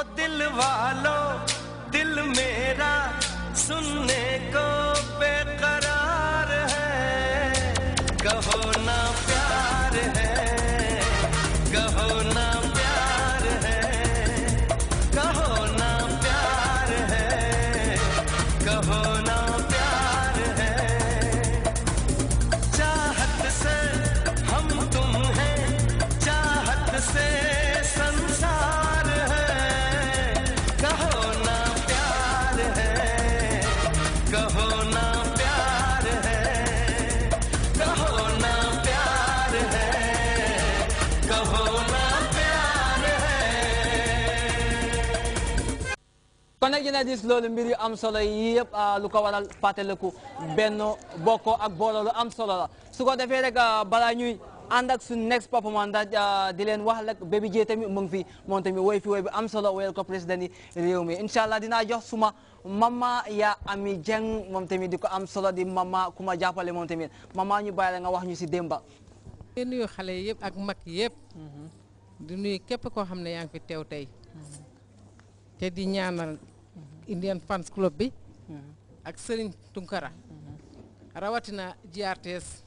ओ दिल वालो दिल मेरा सुनने को बेकर ngeen a gis loolu mbir yu am solo yi yëpp ah, lu ko waral ko benn bokko ak booloo lu am solo la su ko defee rek ah, balaa ñuy ànd ak su next performance ah, di leen wax rek bébi jee tamit mu fi moom tami woy fi woy bi am solo woyal ko président yi réew mi incha allah dinaa jox suma mama yaa ami jeng moom tamit di ko am solo di mama ku ma jàppale moom tamit mama ñu bàyyi la wax ñu si démba di xale yëpp ak mag yëpp mhm. di nuyu képp koo xam ne yaa ngi fi teew tey mhm. te di ñaanal Indian Fans Club bi mm-hmm. ak Serigne Tunkara mm-hmm. rawatina GRTS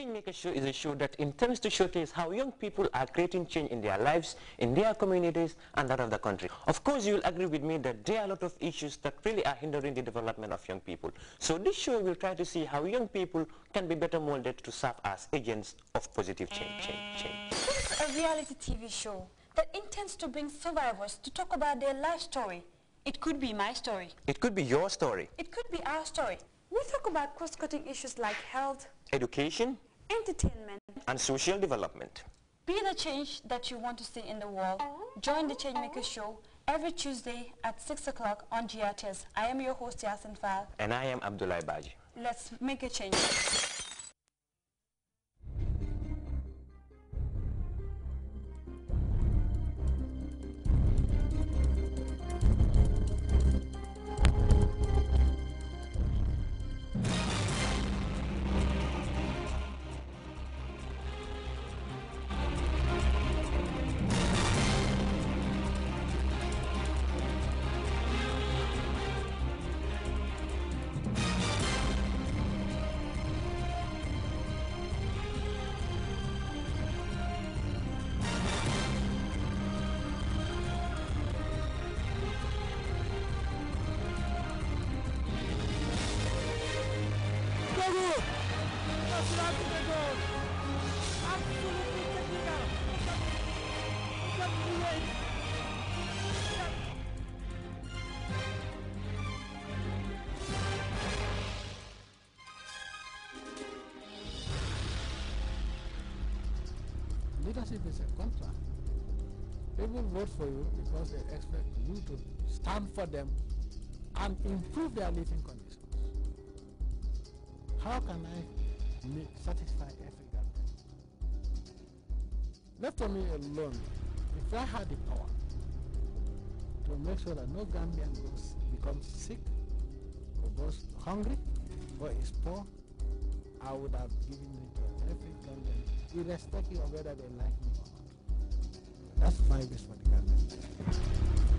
Maker Show is a show that intends to showcase how young people are creating change in their lives, in their communities, and that of the country. Of course, you will agree with me that there are a lot of issues that really are hindering the development of young people. So this show will try to see how young people can be better molded to serve as agents of positive change, change, change. This is a reality TV show that intends to bring survivors to talk about their life story. It could be my story. It could be your story. It could be our story. We talk about cross-cutting issues like health, education, entertainment, and social development. Be the change that you want to see in the world. Join the Changemaker Show every Tuesday at 6 o'clock on GRTS. I am your host, Yasin Fal. And I am Abdullah Baji. Let's make a change. Leadership is a contract. People vote for you because they expect you to stand for them and improve their living conditions. How can I make, satisfy every Gambian? Left to me alone, if I had the power to make sure that no Gambian goes becomes sick, or goes hungry, or is poor, I would have given it to every Gambian, irrespective of whether they like me or not. That's my wish for the Gambian.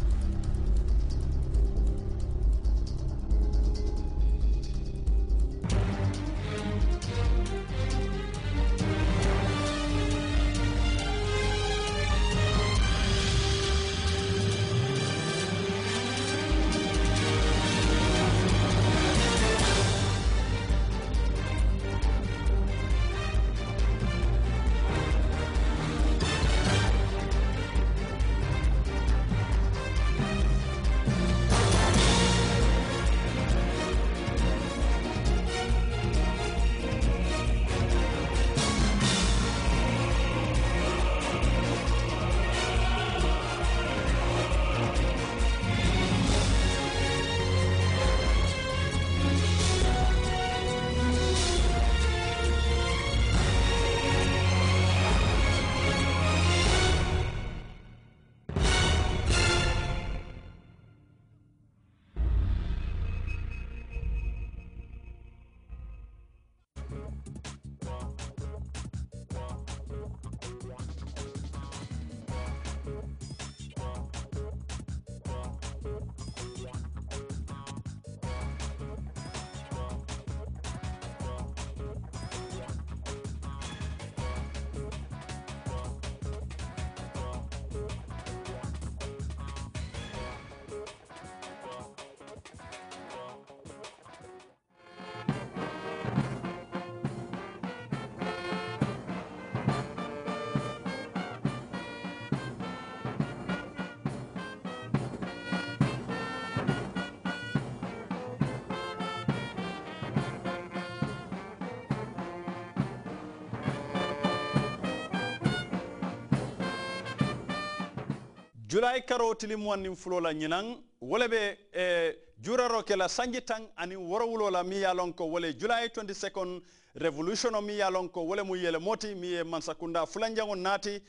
julay karo muwannin fulola ñinan wole be e juraro kela sanji tan ani worowulola mi ya lon ko wole julay 22nd revolution mi ya lon ko wole mu yele moti mi ye mansakunda fulanjango naati e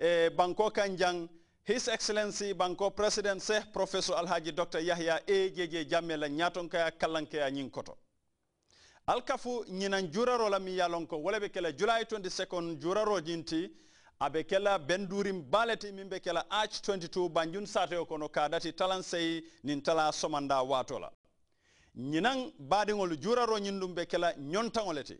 eh, banko kanjang his excellency banko president seh professor alhaji dr yahya e jeje jamme la ñaton kaya kallankaya ñin koto alkafu ñinan juraro la mi ya lon ko wole ɓe julay 22nd juraro jinti abe kela bendurim baleti mimbe be kela arch 22 banjun sateyo kono ka dati talan nin tala somanda watola ñinan baadiŋolu juraro ñin ɗum be kela ñontaŋo le ti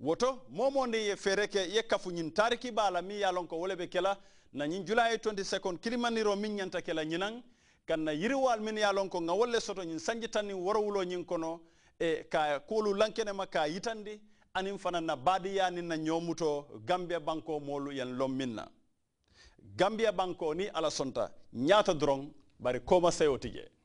woto momonde ye fereke ye kafu nyin tariki bala mi ye ko wo le be kela na nyin julaye 22 kilimaniro min ñanta kela ñinan kan na yiriwal min ye ko ngawolle soto nyin sanji tannin worowulo nyin kono e ka kolu lankenema ka yitandi anin fana na baadiyaani na nyomuto gambia banko moolu yen lomina. na gambia banko ni alasonta sonta ñaata doroŋ bari koma sayo ti